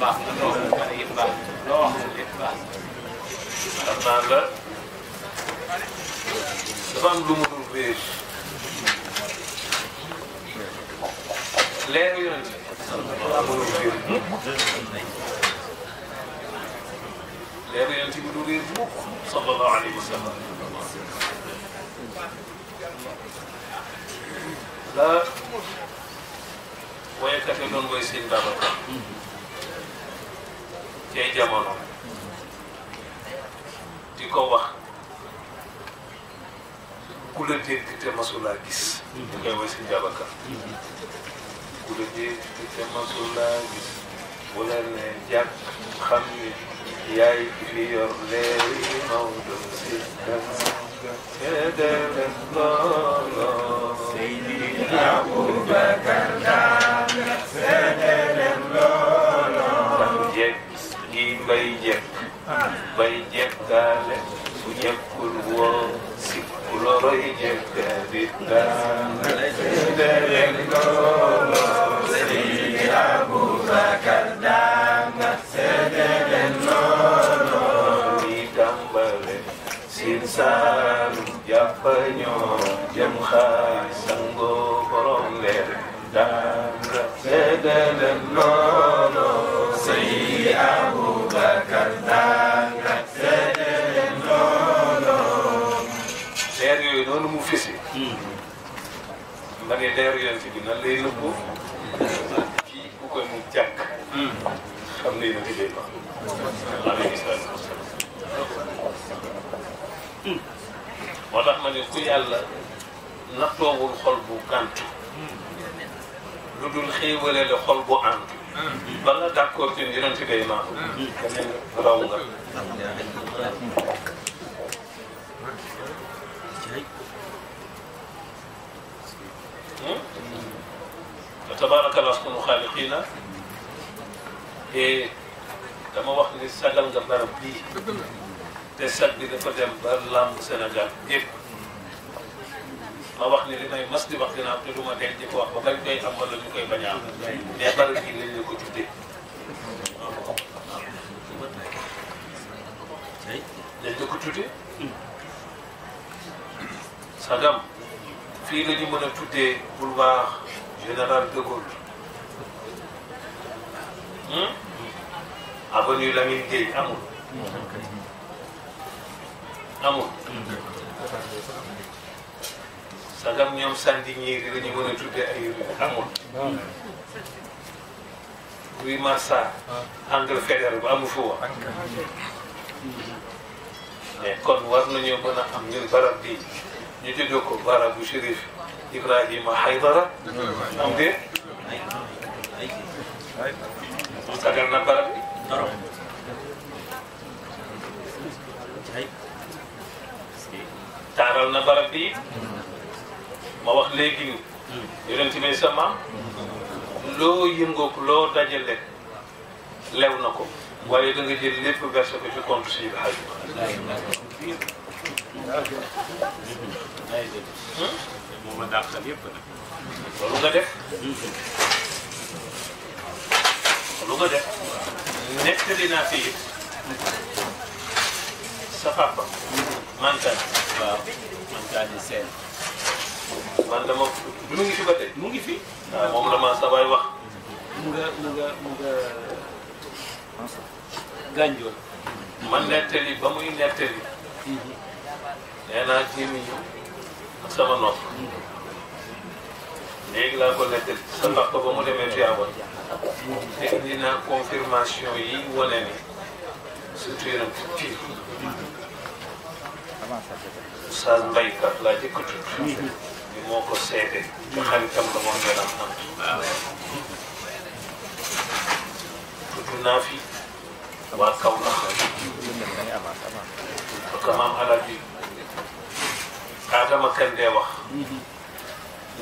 baax nga loo mën a yëpp baax loo wax lépp baax xam naa la dafa am lu mu dul réer leer yooyu la mënul réer mukk leer yooyu ci bu dul réer mukk sallallahu alayhi wa sallam la woykat yi doon woy seen Babacar cee jamono di ko wax ku la dégg te masulaa gis di koy way si jabaka ku la dégg te masulaa gis bu la ne jàpp xam ni yaay fi yor leeri Maodo si seedeel looloo Seydina Aboubacar gi bay jekk bay jekkaale bu jekkul woo si ku loroy jekka di daana seedeel loolo Seydi Aboubacar daana seedeel loolo li tàmbale Siin Saalum jàpp ñoo jëm xaay sangoo borom leer daana seedeel loolo leer yooyu noonu mu fisi ma ne leer yonent bi nan ku koy mu jàkk moo tax ma ne ku yàlla nattoowul xol bu gàntu lu dul xéewale xol bu ànd ba nga d'accord ci yeneen ci day maa keneen raw hm? nga tabaraka la sunu xaaliqiina te dama wax ni sagal nga barab bii te sag bi dafa dem ba làmb Sénégal ma wax ne li may mas di wax dina am te du ma teel di wax ba bañ koy am wala ñu koy bañ a am mais barab yi la ko ko tuddee sagam fii la ñu mën a tuddee boulevard général de Gaulle hmm? avenue Lamine Gueye amul amul sagam ñoom sandi ñiiri dañu mën a tuddee ay rue amul ah. rue Massa ah. angle fédéral bu amu fu wax mais kon war nañoo mën a am ñun barab bi ñu tuddee ko barabu Chérif Ibrahima Haydara am dee sagal na barab bi taaral na barab bi ma wax léegi ni yonent bi sama loo yëngoog loo dajale lew na ko waaye da nga jël lépp verse ko ci compte suñu xaj moom a dàqal yëpp nag loolu nga naa fi sa papa mantan waaw mantan yi seen man dama mu ngi fi ba tey mu ngi fi. waaw ah, moom la ma sabay wax. mu nga mu nga mu nga gànjool. man nettali ba muy nettali. nee naa gémmiñu sama nopp. léegi laa ko nettali. sa papa ba mu demee Thiawane. te indi naa confirmation yi wane ni surtout yaram tuuti. Oustaz Mbaye Ka laa jëkk a tudd. moo ko seede te xaritam la moo ngeen am man tudd naa fi waa kaw na ko maam alal bi Adama kan dee wax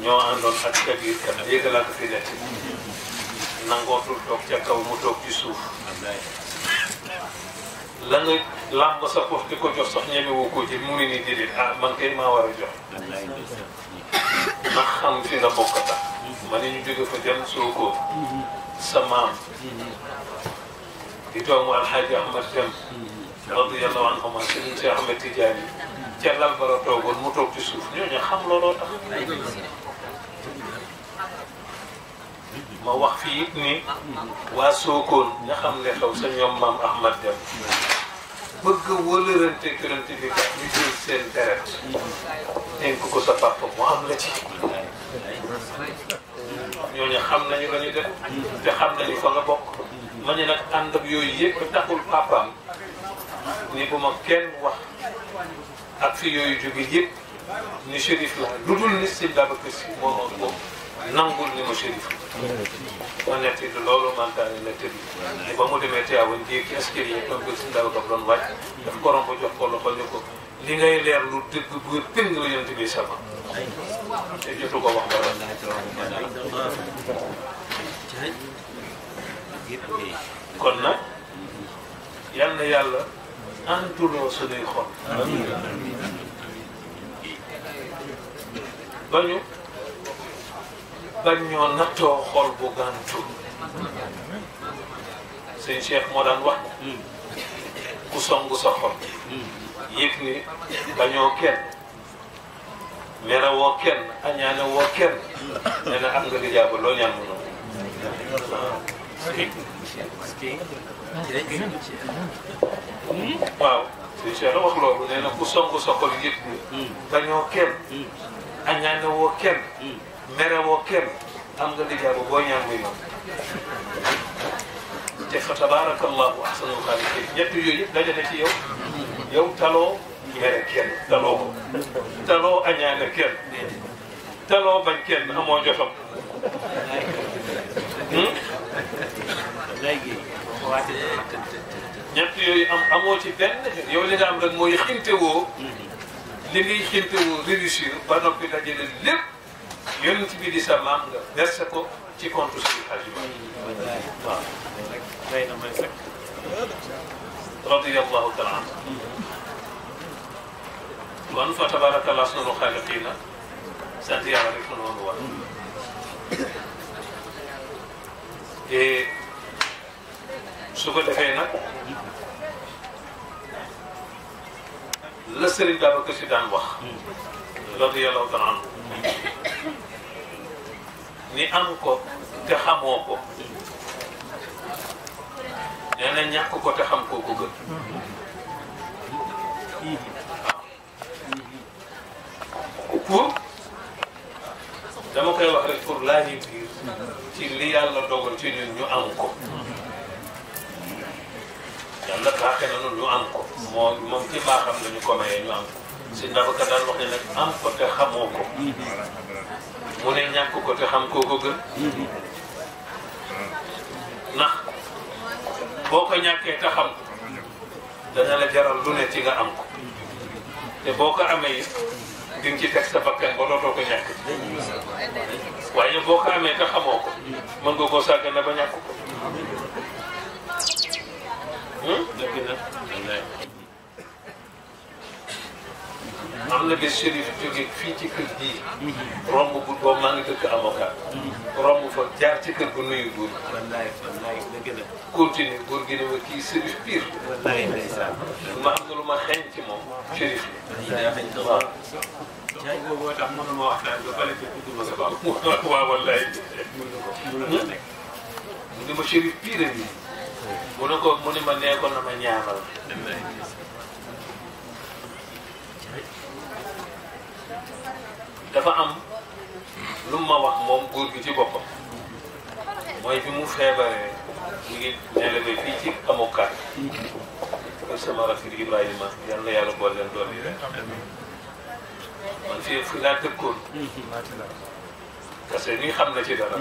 ñoo àndoon ak Kabir kan yéega laa ko fi nangootul toog ca kaw mu toog ci suuf la nga làmb sa pof di ko jox sax ñeme ko ci mu ne nii déedéet ah man kay maa war a jox ndax xam fi nga bokk tax ma ne ñu jóge fa dem soo sa maam di doomu alxaaji ahmad dem radiyallahu anhu ma sëriñ si ahmad tijaani ca lal bara toogoon mu toog ci suuf ñooñu xam looloo tax ma wax fii it ni waa Sokone nga xam ne xew sa ñoom maam ahmad dem bëgg wëlërante yonent bi kat ñu jël seen deret dénk ko sa papa mu am la ci ñooñu xam nañu la de te xam nañu fa nga bokk ma ñu nag ànd yooyu yëpp taxul papaam ni bu ma kenn wax ak fi yooyu jóge yëpp ni shérif la lu dul ni si Babacar Si moo moom nangul ni ma Chérif o nettiɗo lowlo mantani nettiri ni bamo deme teyawoñ jeeki escalier ɗon ko sindaw kam ɗon waaj def koron ko jox ko holni ko li ngay leer lu dëgg bu ping la yonte bi sama te jotu ko wax bara kon nag yal na yàlla antuloo sunuy xol ba ñu bañ ñoo nattoo bu gàntu sëñ Cheikh moo daan wax hmm. ku song hmm. hmm. sa xol yëg ni kenn mere woo kenn añaane woo kenn nee na am nga li jàpp loo ñaan mënoo loolu nee ku song sa xol yëg ni kenn añaane woo kenn merewoo kenn am nga liggéey bu boo ñaan muy noonu te fa tabarakallahu ahsanul xaaliqiin ñett yooyu yëpp dajale ci yow yow taloo mere kenn taloo ko taloo añaane kenn taloo bañ kenn amoo jotam hmm? ñett yooyu am amoo ci benn yow li nga am rek mooy xinte woo li ngay xinte woo réussir ba noppi dajale lépp yonent bi di sa maam nga verse ko ci compte suñu xajma waaw day na may fekk radiyallahu taala kon fa tabarakallah sunu xaaliqiina sant yàlla rek mën woonu war su ko defee nag la sëriñ Babacar Si daan wax radiyallahu taala ni am ko te xamoo ko nee na ñàkk ko te xam koo ko gën waaw dama koy wax rek pour laa biir ci li yàlla dogal ci ñun ñu am ko yàlla baaxe na ñu am ko moom moom ci baaxam la ñu ko mayee ñu am ko sëñ Babacar daan wax ne nag am ko te xamoo ko mu ne ñàkk ko te xam koo ko gën ndax boo ko ñàkkee te xam ko dana la jaral lu ne ci nga am ko te boo ko amee it ci teg sa bakkan ba dootoo ko ñàkk waaye boo ko amee te xamoo ko mën nga koo sàgg na ba ñàkk ko jóge Chérif jóge fii ci kër gii. romb bu boobu maa ngi dëkk avocat. romb fa jaar ci kër gu nuyu góor gi. wallaay wallaay dëgg la. continue ma kii Chérif pire. wallaay ndeysaan. a am na lu ma xeeñ ci moom Chérif. waaw. jaay ne ma Chérif a nii. mu ne ko mu ne ma dafa am lu ma wax moom góor gi ci boppam mooy bi mu feebaree mu ngi nelevé fii ci amukaay kër sama rafet Ibrahima yal yàlla bool leen doon yi rek man fii fii laa dëkkoon parce que ñi xam na ci dara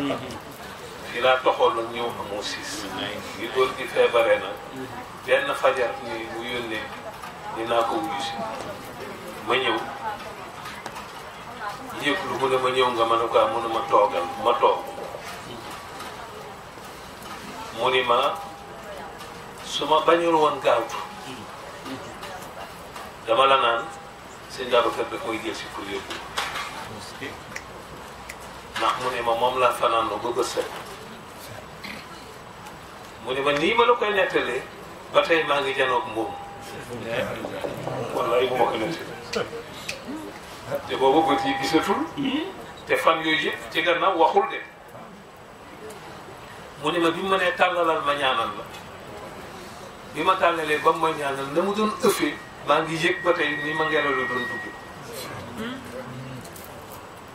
fii laa toxoon nag ñëw amoo siis ngi góor gi feebaree na benn fajar ni mu yónnee dinaa ko wuyu ma ñëw yëpp lu mu ne ma ñëw nga ma ne ko mu ne ma toogal ma toog mu ni ma su ma bañul woon gaawtu dama naan sëñ Babacar da koy jël si pour yóbbu ndax mu ne ma moom laa fanaan ba bëgg set mu ne ma nii ma la koy nettalee ba tey maa ngi janoog moom wallaay bu ma ko te booba bët yi gisatul te fan yooyu yëpp ci gannaaw waxul de mu ne ma bi ma nee tàllalal ma ñaanal la bi ma tàllalee ba ma ñaanal na mu doon ëffee maa ngi yëg ba tey ni ma ngelaw doon dugg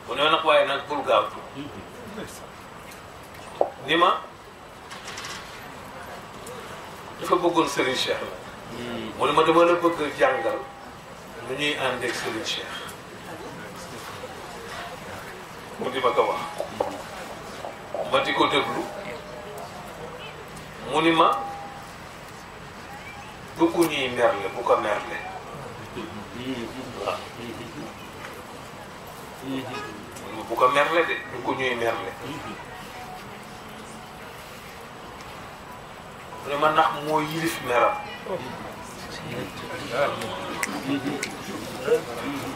mu ne nag waaye nag bul gaawtu ni ma dafa bëggoon Serigne Cheikh la mu ne ma dama la bëgg jàngal nu ñuy ànd ak Serigne mu di ma ko wax ma di ko déglu mu ma du ku ñuy merle bu ko merle waaw bu ko merle de du ku ñuy merle mu ne ma ndax moo yilif meram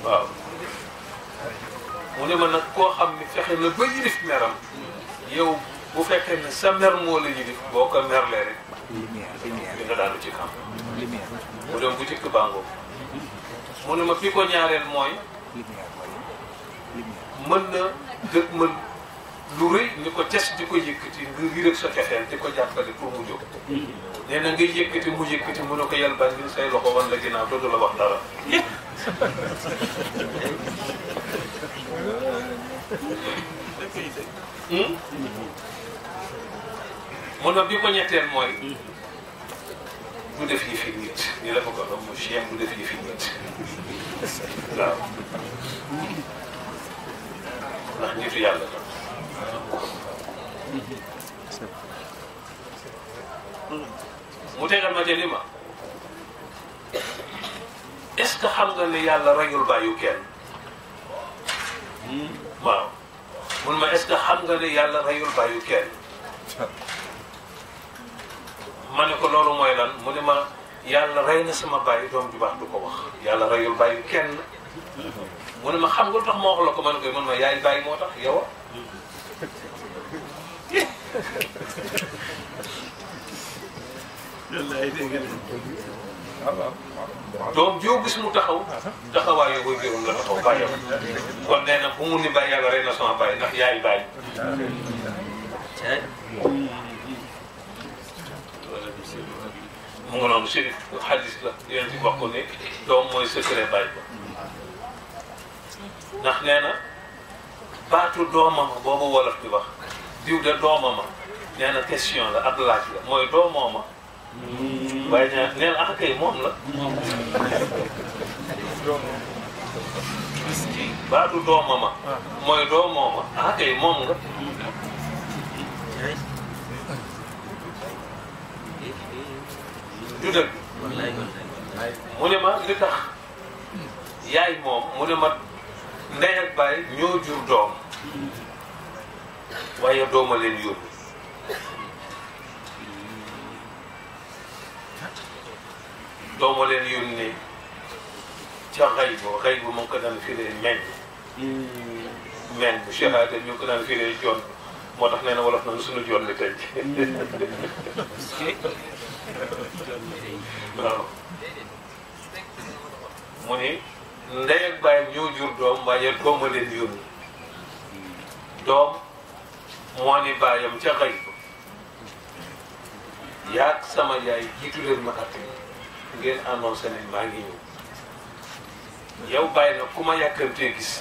waaw mu ne ma nag koo xam ni fexe na ba yilif meram yow bu fekkee ne sa mer moo la yilif boo ko merlee rek li nga daanu ci bu jëkk bàngoo mu ne ma fi ko ñaareel mooy mën na dëkk mën lu rëy ni ko ces di ko yëkkati nga yërëg sa fexeel di ko jàppale pour mu jóg hmm. nee na nga yëkkati mu yëkkati mu ne ko yalbaan ni say loxo wan la ginnaaw dootu la wax dara hmm. mu hmm? ne bi ko ñetteel mooy. du def yi fi nit ñu la ko ko doon mu fi nit waaw ndax nitu yàlla la. mu ma jëli ma. est xam nga yàlla reyul bàyyu hmm? kenn ma est-ce xam nga yàlla reyul bàyyu ne ko loolu mooy lan mu ne ma yàlla rey na sama bàyyi doom ju baax du ko wax yàlla reyul bàyyu kenn mu ma xam nga lu tax ma wax la ko ma ne ko mun ma yaay bàyyi moo tax yow ah. doom joo gis mu taxaw taxawaayu koy juróom la taxaw bàyyam kon nee na bu mu ni bàyyi yàlla rey na sama bàyyi ndax yaay bàyyi mu ngi noonu sérif xadis la yéen ci wax ni doom mooy secret bàyyi ba ndax nee na baatu doomama boobu wolof di wax diw de doomama nee na question la ak laaj la mooy doomooma bàyyi ñaan neel ah kay moom la. baatu doomama. mooy doomooma ah kay moom nga. du dëgg. mu ne ma li tax yaay moom mu ne ma ndey ak baay ñoo jur doom waaye dooma leen yóbbu. doomu leen yónni ca xay bo xay bu mu ngi ko daan firee meññ. Mm. meññ bu shahaada ñu ngi ko daan firee joon moo tax nee na wolof nañu suñu joon li tey. Mm. mu ni ndey bàyyam ñoo jur doom waaye dooma leen yónni doom moo ni bàyyam ca xay yaag sama yaay jiitu leen ma àtte ngeen annoncé ne maa ngi ñëw yow bàyyi na ku ma yàkkamtee gis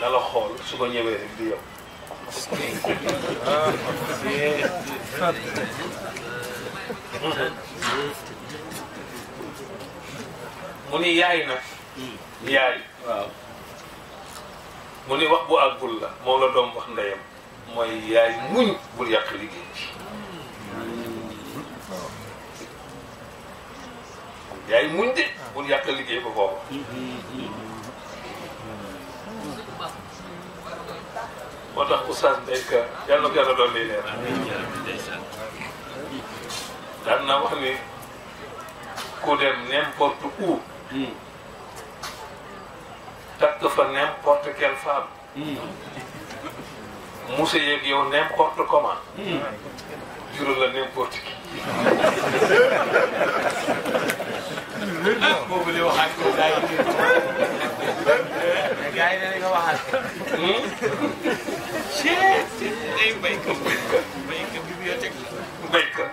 na la xool su ko ñëwee rek di yow. mu ni yaay nag. yaay waaw. mu ni wax bu àggul la moom la doom wax ndeyam mooy yaay muñ bul yàq liggéey yaay muñ de bul yàqal liggéey ba foofu moo tax oustaz ndeyka yàlla na ko yàlla doon lii leer daan naa wax ni ku dem n'importe où takk fa n'importe quelle femme muse yeeg yow n'importe comment jural la n'importe boobu di waxaat ko ko. day béykat béykat bibliothèque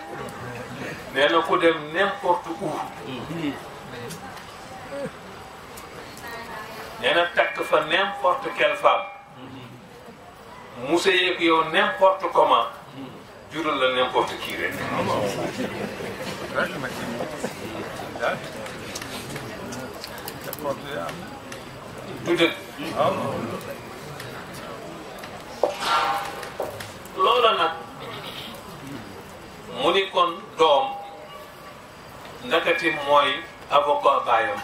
ku dem n'importe où. nee takk fa n'importe quelle femme. musée yeeg yow n'importe comment. jural la n'importe qui appropriada. tuuti. waaw. loola nag mu kon doom ndakati mooy avocat baayam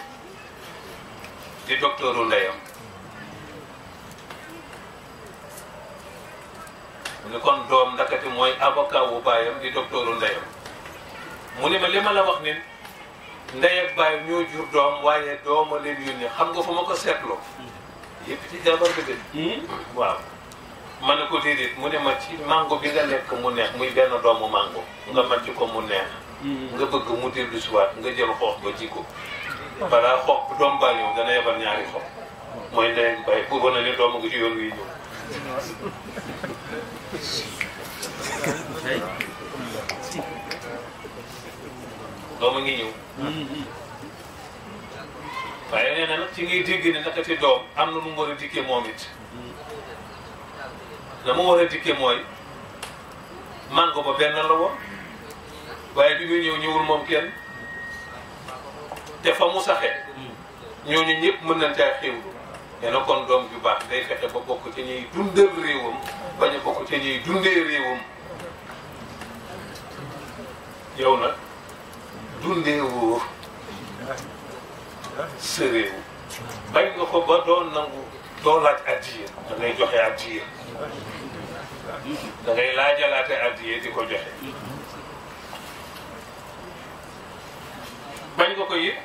di docteuru ndeyam mu ni kon doom ndakati mooy avocat wu baayam di docteuru ndeyam mu ni ma li wax ni ndey ak baay ñoo jur doom waaye dooma leen yónnee xam nga ko ma ko seetloo yëpp ci jabar bi de hmm? waaw ma ne ko déedéet mu ne ma ci mango bi nga lekk mu neex muy benn doomu mango nga màcc ko mu neex hmm. nga bëgg mu dellu si nga jël xoox ba ji ko balaa xoox bu doom baa ñëw dana yebal ñaari xoox mooy ndey ak baay bu doom nga ci yoon wi ñëw doom a ngi ñëw waaye na nag ci ngay dégg ne naka ci doom am na nu mu war a dikkee moom it na mu war a dikkee mooy màngo ba benn la woon waaye bi muy ñëw ñëwul moom kenn te fa mu saxe ñooñu ñëpp mën nañ caa xéwlu nee na kon doom ju baax day fexe ba bokk ci ñuy dundal réewam bañ a bokk ci ñuy dundee réewam yow nag dundee wóor bañ nga ko ba doo nangu doo laaj addiye da ngay joxe addiye da ngay laajalaate addiye di ko joxe bañ nga ko yit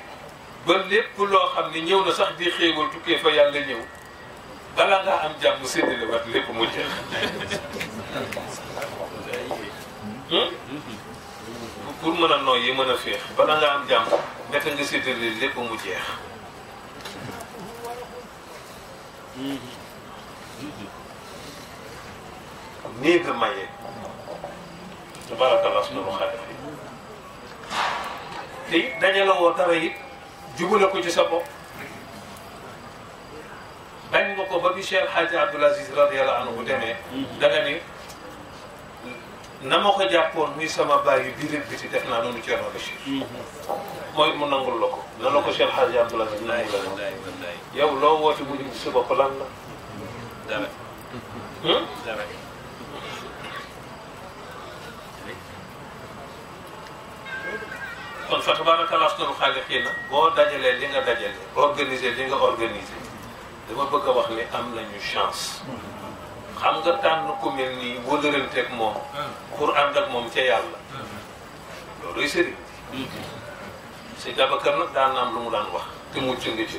ba lépp loo xam ni ñëw na sax di xéewal tukkee fa yàlla ñëw bala ngaa am jàmm séddale wat lépp mu jeex hmm? pour mën a nooy yi mën a féex bala nga am jàmm nekk nga séddale lépp mu jeex nii nga maye tabarakallah sunu xarit te it dajale woo dara it jubale ko ci sa bopp bañ nga ko ba bi Cheikh Hadji Abdoul Aziz radiyallahu anhu demee danga na ma ko jàppoon ni sama baay yu biir biti def naa noonu Thierno Bachir. Mhm. mooy mu nangul la ko. Mhm. na la ko seen Hadj Abdoulaye la nangul la ko. yow loo woote bu jub si bopp lan la. dara. Hmm? dara. kon fa tabaraka lastoru xaaliqiina boo dajalee li nga dajale organiser li nga organiser dama bëgg a wax ni am nañu chance. Mhm. xam nga tànn ko mel nii wëlëranteeg moom. Hmm. pour ànd ak moom ca yàlla. Hmm. looluy sëriñ. si Babacar nag daan na am lu mu daan wax te mucc nga ci.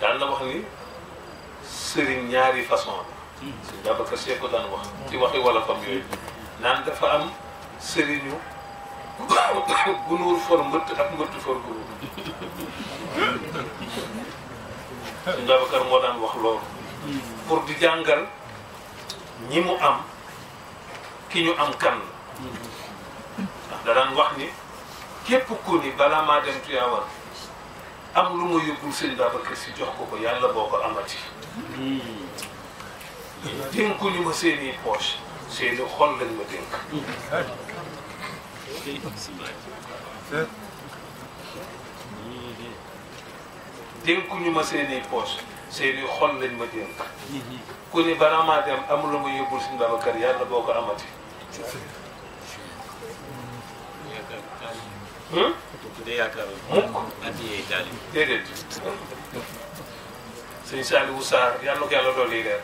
daan na wax ni sëriñ ñaari façon la. Hmm. si Babacar Seck ko daan wax. ci waxi wala fam yooyu. naan dafa am sëriñu. bu nuur for mbëtt ak mbëtt for gunuur. suñ Babacar moo daan wax loolu pour di jàngal ñi mu am ki ñu am kan la daan wax ni képp ku ni balaa maa dem Tiwaawan am lu ma yóbbul sëñ Babacar si jox ko ko yàlla boo ko amati ko ñu ma seeni poche seeni xol lañ ma dénk dénkuñu ma seen i poche seen i xol lañ ma dénk ku ni balaa maa dem amul ma yóbbul suñu Babacar yàlla boo ko amati. yaakaar hmm? mukk addiyee taalib déedéet sëñ yàlla ko yàlla dolli leer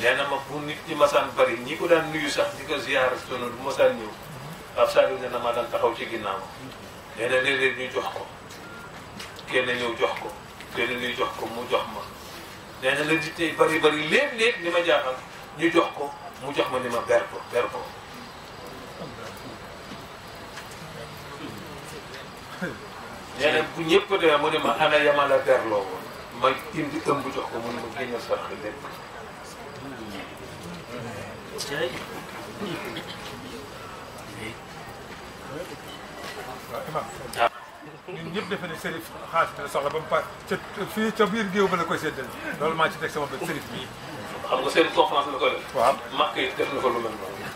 nee na ma bu nit ñi masaan bëri ñi ko daan nuyu sax di ko ziar sono du masaan ñëw ab Saliou nee na maa daan taxaw ci ginnaaw nee na léeg-léeg ñu jox ko kenn ñëw jox ko teel a jox ko mu jox ma nee na la di tey bari bari léeg-léeg ni ma jaaxal ñu jox ko mu jox ma ni ma ber ko ber ko. nee na bu ñëpp demee mu ne ma ana yama la berloo ma indi ëmb jox ko mu ne ma génne sarax lépp. waaw ñun ñëpp defe ne sërif xaalis bi la soxla ba mu paas ca fii ca biir géew ba la koy séddale loolu maa ci teg sama bët sërif bii. xam nga sërif conférence la ko def. waaw màkk yi def na ko lu mel noonu.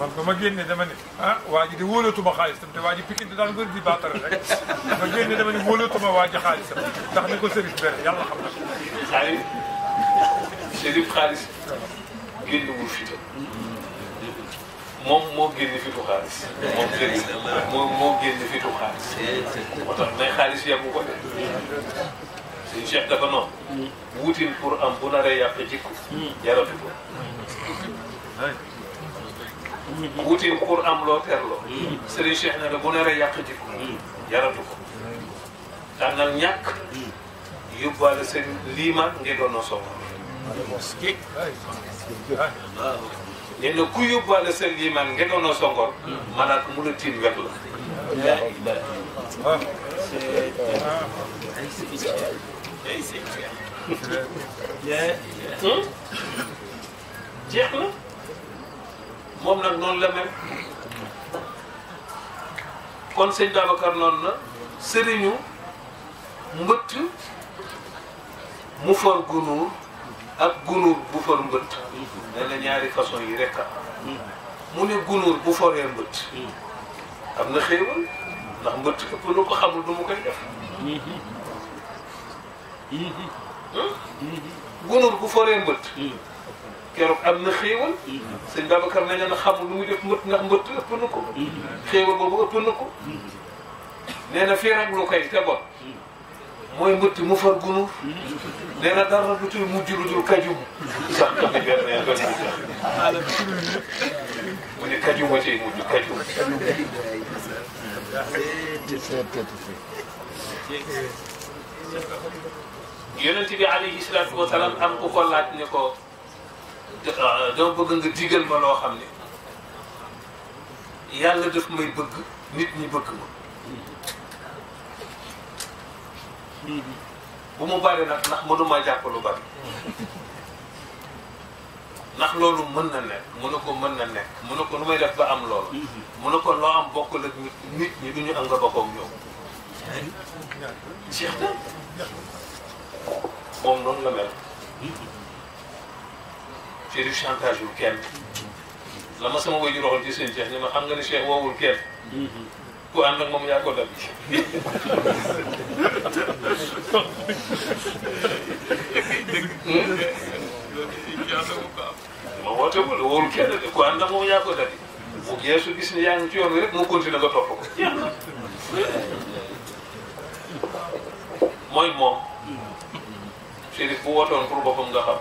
man ba ma génne dama ne ah waa ji di wóolatuma xaalisam te waa ji pikin daan bëri di baatar rek ma génne dama ne wóolatuma waa ji xaalisam ndax ni ko sërif ber yàlla xam na ko. xaalis sërif xaalis génn wu fi moom moo fi fitu xaalis moom sëriñ moom moo génn xaalis moo tax mais xaalis yàqu ko de suñu cheikh dafa noonu wutin pour am bu naree yàq jikko jaratu ko wutin pour am loo terloo sëriñ cheikh na la bu naree yàq jikko jaratu ko tànnal ñàkk yóbbaale seen liimaan ngi doon a soxla nee ku yóbbaale sa liimaan ngenoonoo songor malaat mu la tiim wet la jeex na moom nag noonu la mel kon sëñ Babacar noonu na sëriñu mbëtt mu for gunuur ak gunóor bu for mbëtt mm-hmm. ne ñaari façon yi rek mm-hmm. mu ne gunóor bu foree mbëtt mm-hmm. am na xéewal ndax mbëtt ëpp lu ko xamul du mu koy def hmm? gunóor bu foree mbëtt keroog am na xéewal sëñ Babacar nañu na xamul lu muy def mbëtt ndax mbëtt ëpp na ko xéewal boobu ëpp na ko nee na fii lu koy te bon mooy mbëtt mu far gunóor nee na dara du tuy mujj lu dul kajum sax mu ne mu ne kajum a tey mujj kajum yonent bi alayhi salaatu wa salaam am ku ko laaj ko dama bëgg nga digal ma loo xam ne yàlla daf may bëgg nit ñi bëgg ma bu mu bari nag ndax mënuma jàpp lu bari ndax loolu mën na nekk mën ne ko mën na nekk mu ne ko nu may def ba am loolu mu ne ko loo am bokk la nit ñi du ñu am nga bokkoog ñoom Cheikh moom noonu la mel ci du chantage yu kenn la ma sama waajur waxoon ci seen Cheikh ni ma xam nga ni Cheikh woowul kenn ku ànd ak moom yako ko dal ma woote wul ku ànd ak moom yaa ko dal bu geesu gis ngi ci yoon rek nga topp ko mooy moom Chérif bu wootoon pour boppam nga xam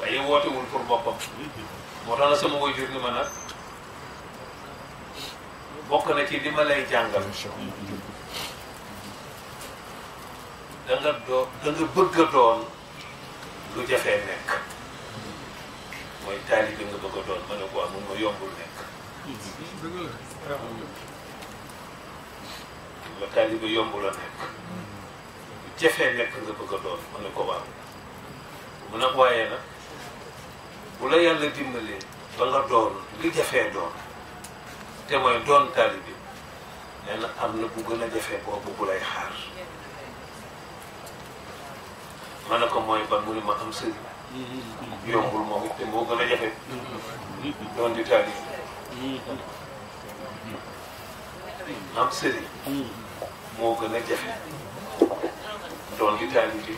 waaye wootewul moo tax na sama waajur ni ma nag bokk na ci li ma lay jàngal da nga doo da nga bëgg a doon lu jafee nekk mooy taalibe nga bëgg a doon ma ko amul ma la taalibe yombul a waaye nag bu la yàlla dimbalee ba nga doon li jafee doon te mooy doon taalibe nee na am na bu gën a jafe boobu bu lay xaar ma ne ko mooy ban mu ne ma am sëriñ yombul moom te moo gën a jafe doon di taalibe am sëriñ moo gën a jafe doon di taalibe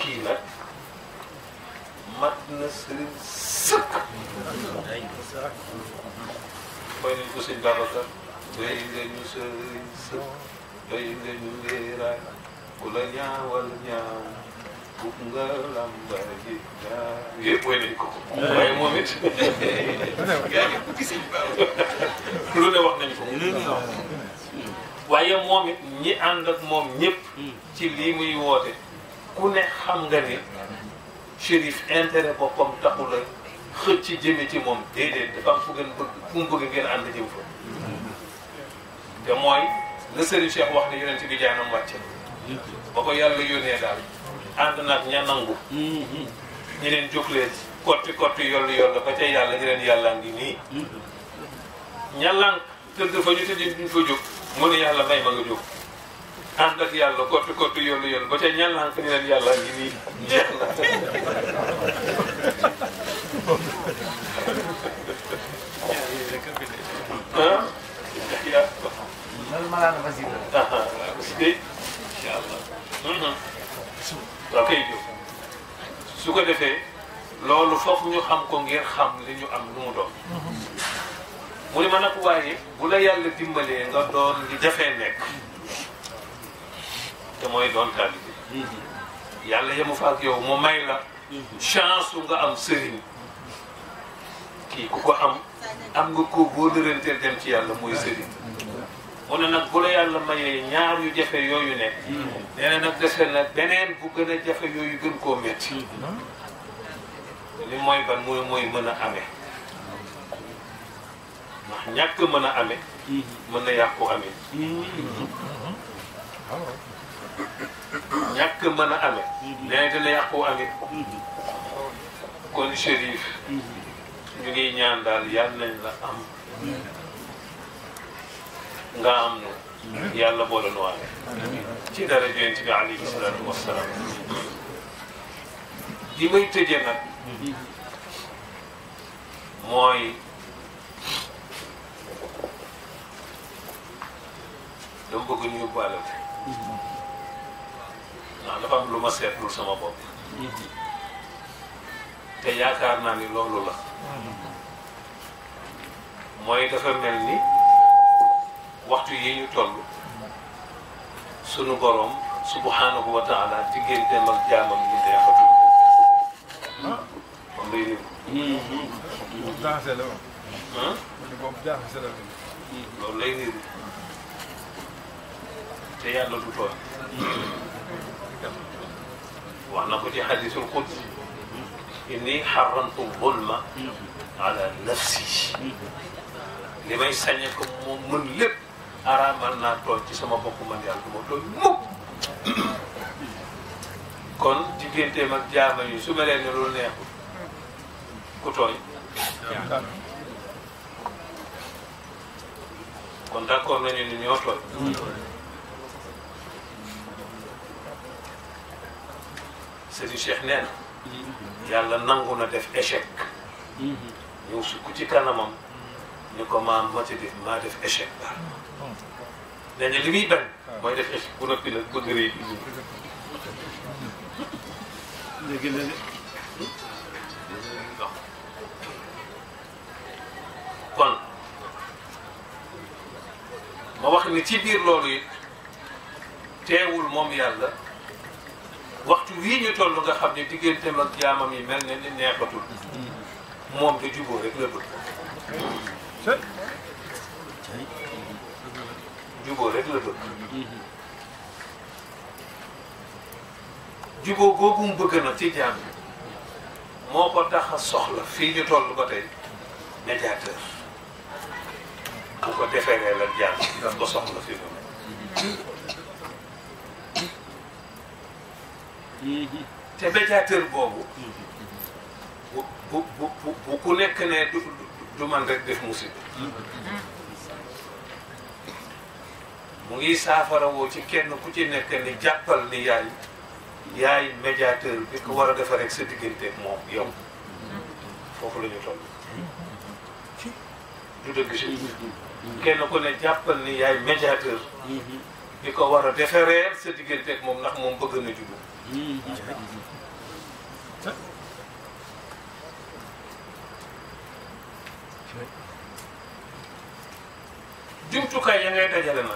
kii nag na sëriñ sëkk. xëy moom it. ñi ànd moom ñëpp. ci lii muy woote. ku ne xam nga ni. shérif intérêt boppam taxul la xëcc ci jëme ci moom déedéet dafa am fu ngeen bëgg fu mu bëgg ngeen ànd jëm fa te mooy la sëriñ Cheikh wax ne yonent bi jaanam wàcce ba ko yàlla yónnee daal ànd naag ña nangu ñi leen jóg leen kotti kotti yollu yollu ba ca yàlla ñi leen yàlla ngi nii ña lànk tëdd fa ñu tëdd duñ fa jóg mu ne yàlla may ma nga jóg ànd ak yàlla kottu kottu yoonu yoon ba ca ñan la xam yàlla ngi nii jeex na. ma la wax la. ah ah incha allah. Mhm. ok su ko defee loolu foofu ñu xam ko ngir xam li ñu am mu doon. Mhm. mu ne ma nag waaye bu la yàlla dimbalee nga doon li jafee nekk. te mooy doon taalibe yàlla yemu fa ak yow mu may la chance su nga am sëriñ kii ku ko am am nga ko boo dërënteel dem ci yàlla mooy sëriñ mu ne nag bu la yàlla mayee ñaar yu jafe yooyu ne nee nag dese na beneen bu gën a jafe yooyu gën koo métti li mooy ban mooy mooy mën a ame ñàkk mën a ame mën na yàqu amee ñàkk mën a amee. nee mhm. dina yàqu amee. Mhm. kon Chérif. Mhm. ñu ngi ñaan daal yàlla nañ la am. nga am nu. yàlla boole nu amee. ci dara Yonent bi alayhi salaatu wasalaam. li may tëjee nag. mooy. dama bëgg ñu yóbbaale ndax dafa lu ma seetlul sama bopp te yaakaar naa ni loolu la mooy dafa mel ni waxtu yi ñu toll sunu boroom subhanahu wa taala digganteem ak jaamam ñu neexatu moom loolu lay niru te yàlla du tooñ wax na ko ci xadisul xudsi inni xaramtu zulma ala nafsi li may sañe ko moom mën lépp araamal naa tooñ ci sama bopp man yàlla du ma tooñ mukk kon digganteem ak jaama yi su ma leen ne loolu neexul ku tooñ kon d'accord nañu ni ñoo tooñ se Cheikh nee na yàlla nangu na def échec ñëw sukk ci kanamam ni ko maa mati def maa def échec daal nee na li muy bañ mooy def échec bu noppi nag bëgg rëy bi ñu kon ma wax ni ci biir loolu it teewul moom yàlla waxtu wii ñu toll nga xam ne digganteem ak jaamam yi mel ne ni neexatul moom de jubóo rek la bëgg jubóo rek la bëgg jubóo googu bëgg na ci jaam yi moo ko tax a soxla fii ñu toll ba tey médiateur bu ko defee la jaam yi ko soxla fii mu Mhm. te médiateur boobu. bu bu bu bu ku nekk ne du du man rek def musiba. mu ngi saafara woo ci kenn ku ci nekk ni jàppal ni yaay yaay médiateur bi ko war a defar rek sa diggante moom yow foofu la ñu toll. du dëgg kenn ku ne jàppal ni yaay médiateur. bi ko war a defaree sa diggante moom ndax moom bëgg na jublu. Oui, jumtukaay ya dajale na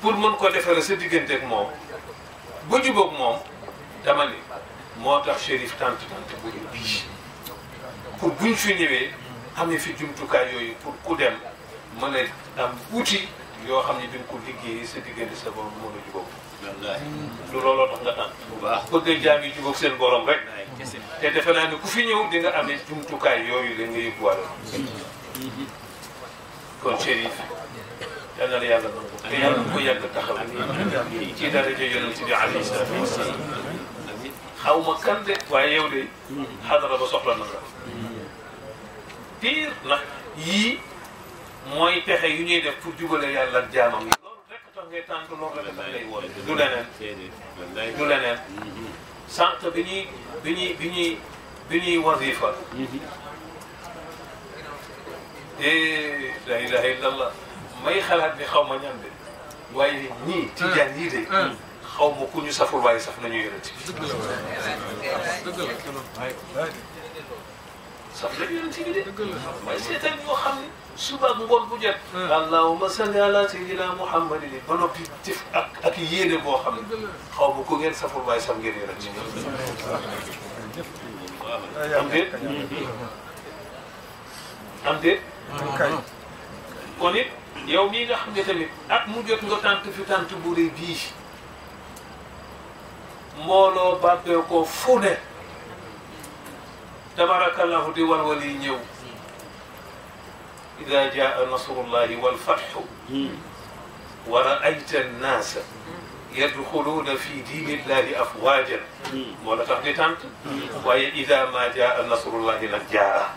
pour mën ko defere sa diggante ak moom bu jubóog moom dama ni moo tax shérif tant tant bu bii pour buñ fi ñëwee amee fi jumtukaay yooyu pour ku dem mën na am outil yoo xam ne duñ ko liggéeyee sa diggante sa borom mën a jubóog wallaahi lu looloo tax nga tànn. bu baax bëgg jaam yi jubóog seen borom rek. te defe naa ne ku fi ñëw di nga amee jumtukaay yooyu la nga yóbbuwaale. kon Chérif yal na la yàlla nangu. te yàlla bu ci daraja yonent xaw ma kan de yow de xadara ba soxla na la. pire nag yii mooy pexe yu ñuy def pour jubale yàlla jaamam yi. ngay tànk loolu rek lañ lay wooye du leneen du leneen sànq bi ñuy bi ñuy bi ñuy bi ñuy wasifa la ilaha illallah may xalaat ni xaw ma ñan de waaye ñii tijaan yii de xaw ma ku ñu saful waaye saf nañu yonent bi saf la yonent bi de. dëgg la mooy seetaan ñoo xam ne suba ak ngoon bu jot. allahumma salli ala sayyidina muhammadin ba noppi jëf ak ak yéene boo xam ne. xaw ma ku ngeen saful waaye saf ngeen yonent bi. waaw am déet. am déet. kay. kon it yow mii nga xam ne tamit at mu jot nga tànt fi tànt bu rëy bii mbooloo bàbbee ko fu ne. tabarakallahu di walwal yi ñëw ida jaa nasrullahi walfatxu wa raayta annaasa yadxuluuna fi diinillahi afwaajan moo la tax di tànt waaye ida ma jaa nasrullahi nag jaa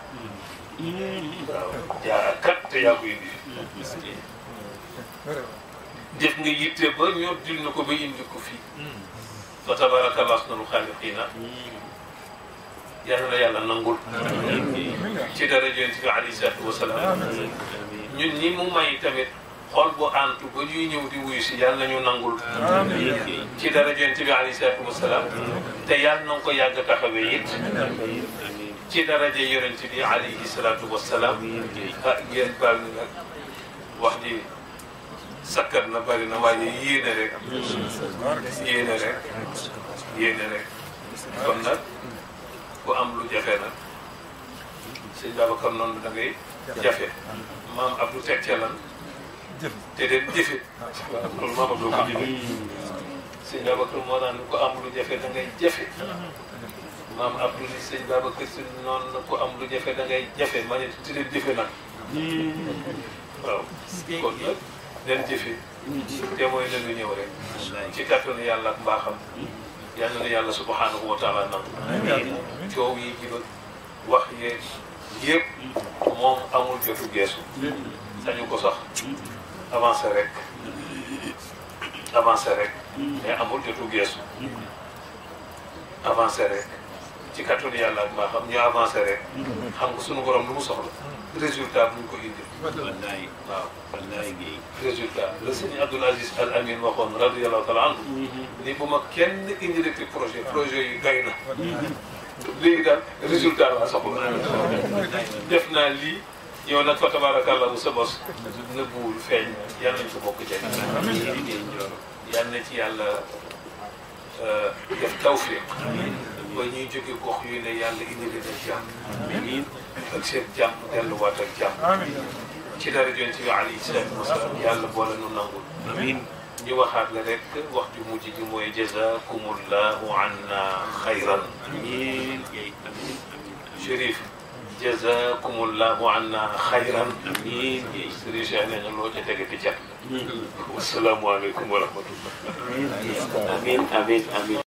waaw jaa kat te yaa ko indi def nga yitte ba ñoo dil na ko ba indi ko fii fa tabarakallahu ahsanul xaaliqiina yàlla na yàlla nangul ci daraja yonent bi alayhi salaatu wa salaam ñi mu may tamit xool bu antu ba ñuy ñëw di wuyu si yàlla nañu nangul ci daraja yonent bi alayhi salaatu te yàlla na nga ko yàgg taxawee ci daraja yonent bi alayhi salaatu wa salaam ah ngeen baal nag wax ji sakkat na bari na waaye yéene rek yéene rek yéene rek kon ku am lu jafe nag sëñ Babacar noonu da ngay jafe maam Abdou teg ca lan te de jëfe waaw loolu maam Abdou ko jëfe sëñ Babacar moo naan lu jafe da ngay jafe noonu na am lu jafe da jafe ma ne te de jëfe nag waaw kon nag den jëfe te mooy na lu ñëw rek ci kàttanu yàlla ak mbaaxam yal na yàlla subhanahu wa taala nangu coow yi ji wax yeeg yëpp moom amul jotu geesu sañu ko sax avancé rek avancé rek mais amul jotu geesu avancé rek ci kattanu yàlla ak mbaaxam ñu avancé rek xam nga sunu borom lu mu soxla résultat bu ñu ko indi wallaay waaw wallaay résultat la sëñ Abdoul Aziz Al Amin waxoon radiyallahu taala anhu mhm. ni bu ma kenn indileeti projet projet yi doy na léegi daal résultat laa soxla def naa lii yow nag fa tabarakallahu sa bos nëbbuwul feeñ yàlla nañ ko bokk jeg liggéey njoor yàlla na ci yàlla euh, def tawfiq ba ñuy jóge gox yu ne yàlla indi leen ak jàmm ak seen jàmm delluwaat ak jàmm ci dara jooju bi alayhi salaatu wasalaam yàlla boole nu nangul ñu waxaat la rek wax ju mujj ji mooy jazakumullahu anna xayran amiin Chérif jazakumullahu anna xayran amiin Serigne Cheikh nee na loo ca tegati cat wasalaamualeykum wa rahmatullah amiin amiin amiin